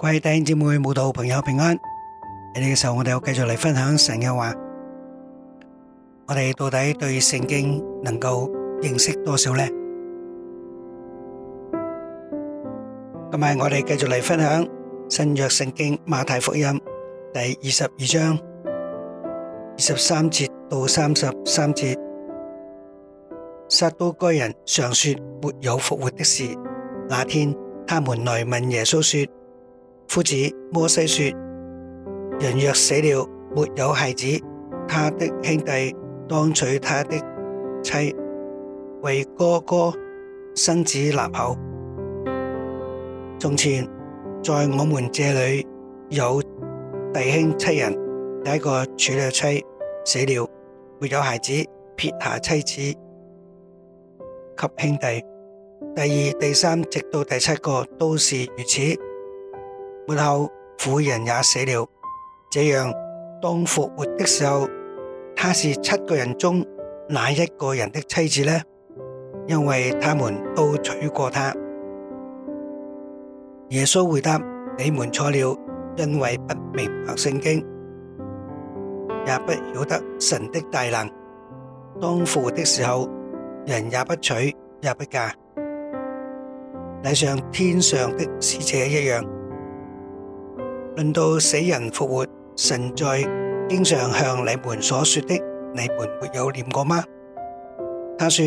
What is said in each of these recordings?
各位弟兄姊妹、慕道朋友平安。喺呢個時候，我哋要繼續嚟分享神嘅話。我哋到底對聖經能夠認識多少呢？今日我哋繼續嚟分享新約聖經馬太福音第二十二章二十三節到三十三節。撒都該人常說沒有復活的事。那天，他們來問耶穌說。夫子摩西說：人若死了沒有孩子，他的兄弟當娶他的妻，為哥哥生子立後。從前在我們這裏有弟兄七人，第一個娶了妻，死了沒有孩子，撇下妻子給兄弟，第二、第三直到第七個都是如此。死後婦人也死了，這樣當復活的時候，她是七個人中哪一個人的妻子呢？因為他們都娶過她。耶穌回答：你們錯了，因為不明白聖經，也不曉得神的大能。當復活的時候，人也不娶也不嫁，乃像天上的使者一樣。論到死人復活，神在經常向你們所說的，你們沒有念過嗎？他說：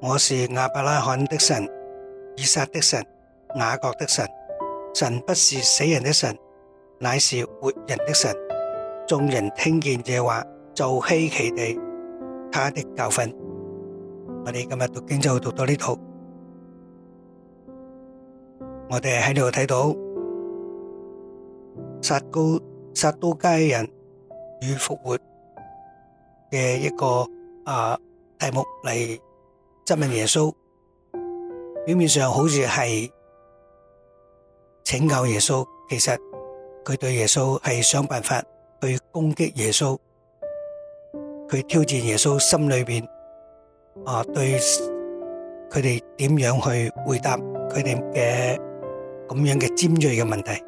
我是亞伯拉罕的神，以撒的神，雅各的神。神不是死人的神，乃是活人的神。眾人聽見這話，就希奇地他的教訓。我哋今日讀經就讀到呢度，我哋喺呢度睇到。撒高撒都該人與復活嘅一個啊題目嚟質問耶穌，表面上好似係請教耶穌，其實佢對耶穌係想辦法去攻擊耶穌，佢挑戰耶穌心裏邊啊對佢哋點樣去回答佢哋嘅咁樣嘅尖銳嘅問題。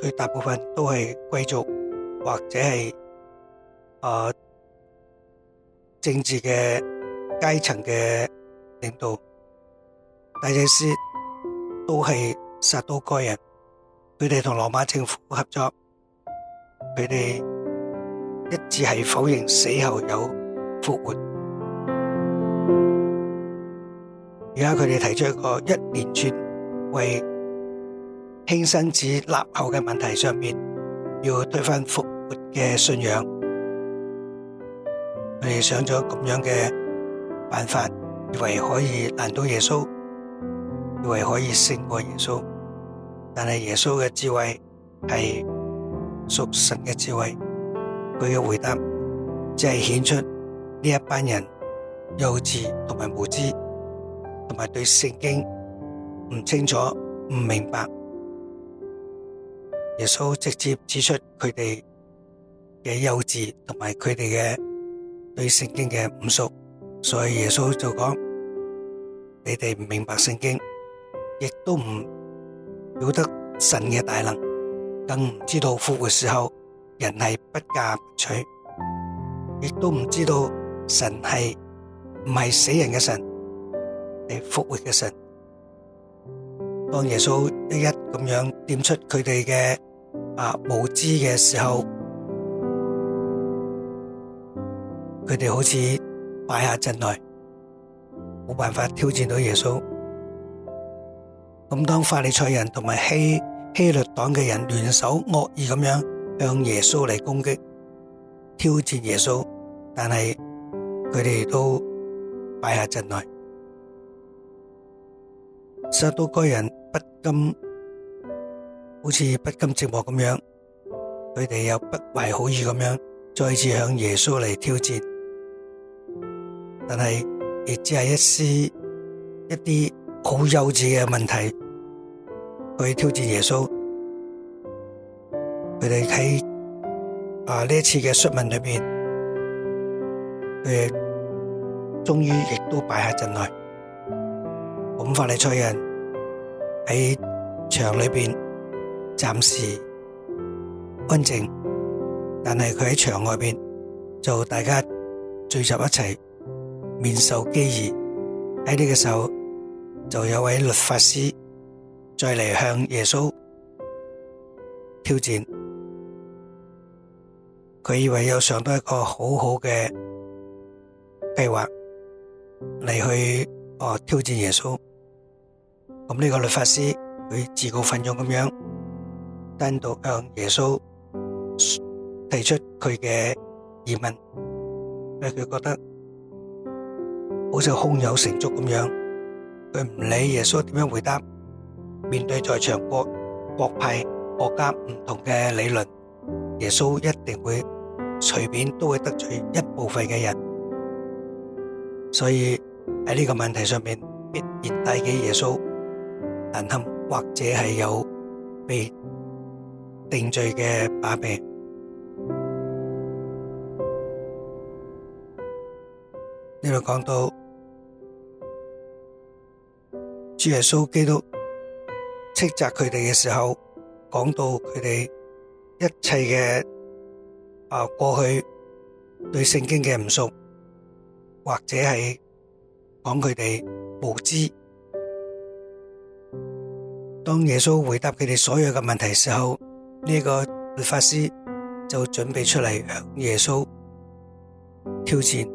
佢大部分都係貴族或者係啊政治嘅階層嘅領導，大祭司都係撒都該人，佢哋同羅馬政府合作，佢哋一致係否認死後有復活。而家佢哋提出一個一連串為。輕身子立後嘅問題上面，要推翻復活嘅信仰。佢哋想咗咁樣嘅辦法，以為可以難倒耶穌，以為可以勝過耶穌，但係耶穌嘅智慧係屬神嘅智慧，佢嘅回答只係顯出呢一班人幼稚同埋無知，同埋對聖經唔清楚唔明白。耶穌直接指出佢哋嘅幼稚，同埋佢哋嘅對聖經嘅唔熟，所以耶穌就講：你哋唔明白聖經，亦都唔曉得神嘅大能，更唔知道復活時候人係不嫁不娶，亦都唔知道神係唔係死人嘅神，係復活嘅神。當耶穌一一咁樣點出佢哋嘅。啊！無知嘅時候，佢哋好似擺下陣來，冇辦法挑戰到耶穌。咁當法利賽人同埋希希律黨嘅人聯手惡意咁樣向耶穌嚟攻擊、挑戰耶穌，但係佢哋都擺下陣來，實到該人不禁。好似不甘寂寞咁樣，佢哋又不懷好意咁樣，再次向耶穌嚟挑戰。但係，亦只係一絲一啲好幼稚嘅問題去挑戰耶穌。佢哋喺啊呢一次嘅詢問裏邊，佢哋終於亦都敗下陣來。咁法利賽人喺場裏邊。暫時安靜，但係佢喺牆外面就大家聚集一齊，面授機宜，喺呢個時候，就有位律法師再嚟向耶穌挑戰，佢以為有上到一個好好嘅計劃嚟去哦挑戰耶穌，咁呢個律法師佢自告奮勇咁樣。單獨向耶穌提出佢嘅疑問，所以佢覺得好似空有成竹咁樣，佢唔理耶穌點樣回答。面對在場各派國家唔同嘅理論，耶穌一定會隨便都會得罪一部分嘅人。所以喺呢個問題上面，必然帶幾耶穌難堪，或者係有被定罪嘅把柄，呢度講到主耶穌基督斥責佢哋嘅時候，講到佢哋一切嘅啊過去對聖經嘅唔熟，或者係講佢哋無知。當耶穌回答佢哋所有嘅問題時候，呢個律法師就準備出嚟向耶穌挑戰，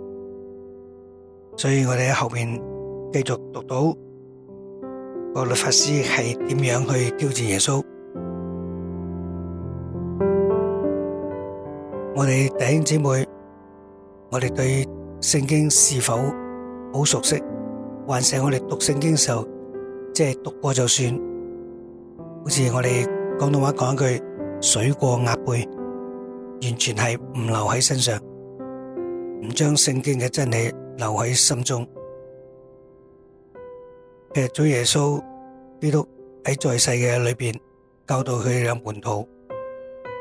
所以我哋喺後面繼續讀到，個律法師係點樣去挑戰耶穌。我哋弟兄姊妹，我哋對聖經是否好熟悉？還是我哋讀聖經時候即係讀過就算，好似我哋廣東話講一句。水過鴨背，完全係唔留喺身上，唔將聖經嘅真理留喺心中。其實主耶穌基督喺在世嘅裏邊教導佢哋嘅門徒，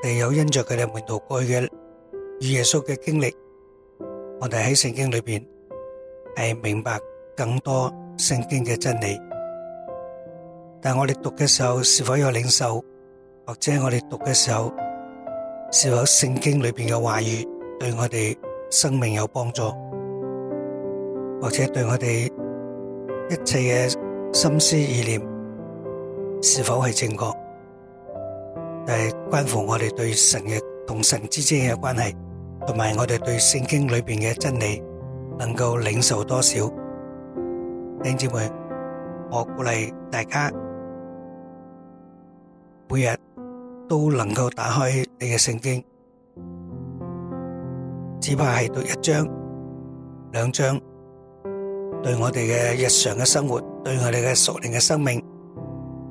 我哋有因着佢哋門徒過去嘅與耶穌嘅經歷，我哋喺聖經裏邊係明白更多聖經嘅真理。但係我哋讀嘅時候，是否有領受？或者我哋讀嘅時候，是否聖經裏邊嘅話語對我哋生命有幫助，或者對我哋一切嘅心思意念是否係正確？就係關乎我哋對神嘅同神之間嘅關係，同埋我哋對聖經裏邊嘅真理能夠領受多少？弟兄姊妹，我鼓勵大家每日，都能夠打開你嘅聖經，只怕係讀一章、兩章，對我哋嘅日常嘅生活，對我哋嘅屬靈嘅生命，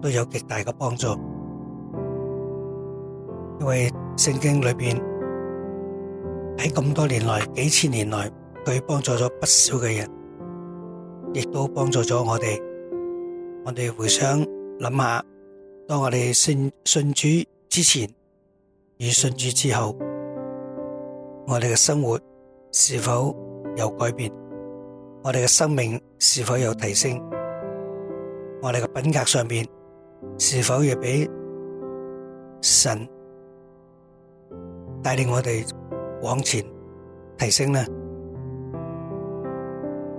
都有極大嘅幫助。因為聖經裏邊喺咁多年來、幾千年來，佢幫助咗不少嘅人，亦都幫助咗我哋。我哋回想諗下，當我哋信信主。之前與信主之後，我哋嘅生活是否有改變？我哋嘅生命是否有提升？我哋嘅品格上面是否亦俾神帶領我哋往前提升呢？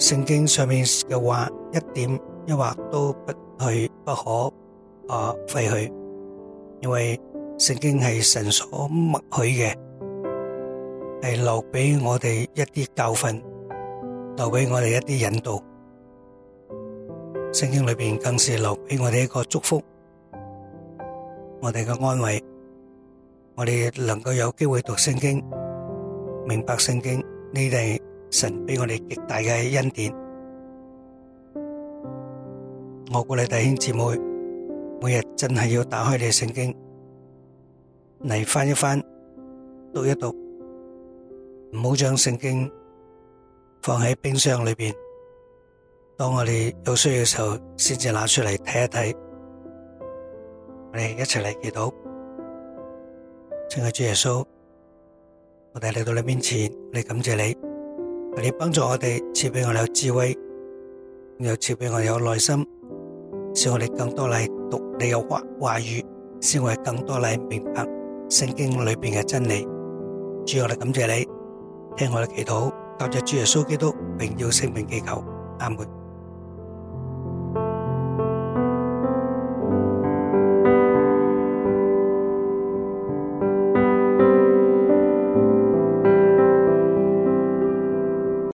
聖經上面嘅話一點一劃都不去不可啊廢去，因為。聖經係神所默許嘅，係留俾我哋一啲教訓，留俾我哋一啲引導。聖經裏邊更是留俾我哋一個祝福，我哋嘅安慰，我哋能夠有機會讀聖經，明白聖經，呢啲係神俾我哋極大嘅恩典。我鼓勵弟兄姊妹，每日真係要打開你嘅聖經。嚟翻一翻，讀一讀，唔好將聖經放喺冰箱裏邊。當我哋有需要嘅時候，先至拿出嚟睇一睇。我哋一齊嚟祈禱，親愛的主耶穌，我哋嚟到你面前，嚟感謝你，你幫助我哋，賜俾我哋有智慧，又賜俾我哋有耐心，使我哋更多嚟讀你有話話語，使我哋更多嚟明白。聖經裡面嘅真理，主，我哋感謝你，聽我哋祈禱，答謝主耶穌基督榮耀聖命祈求，阿門。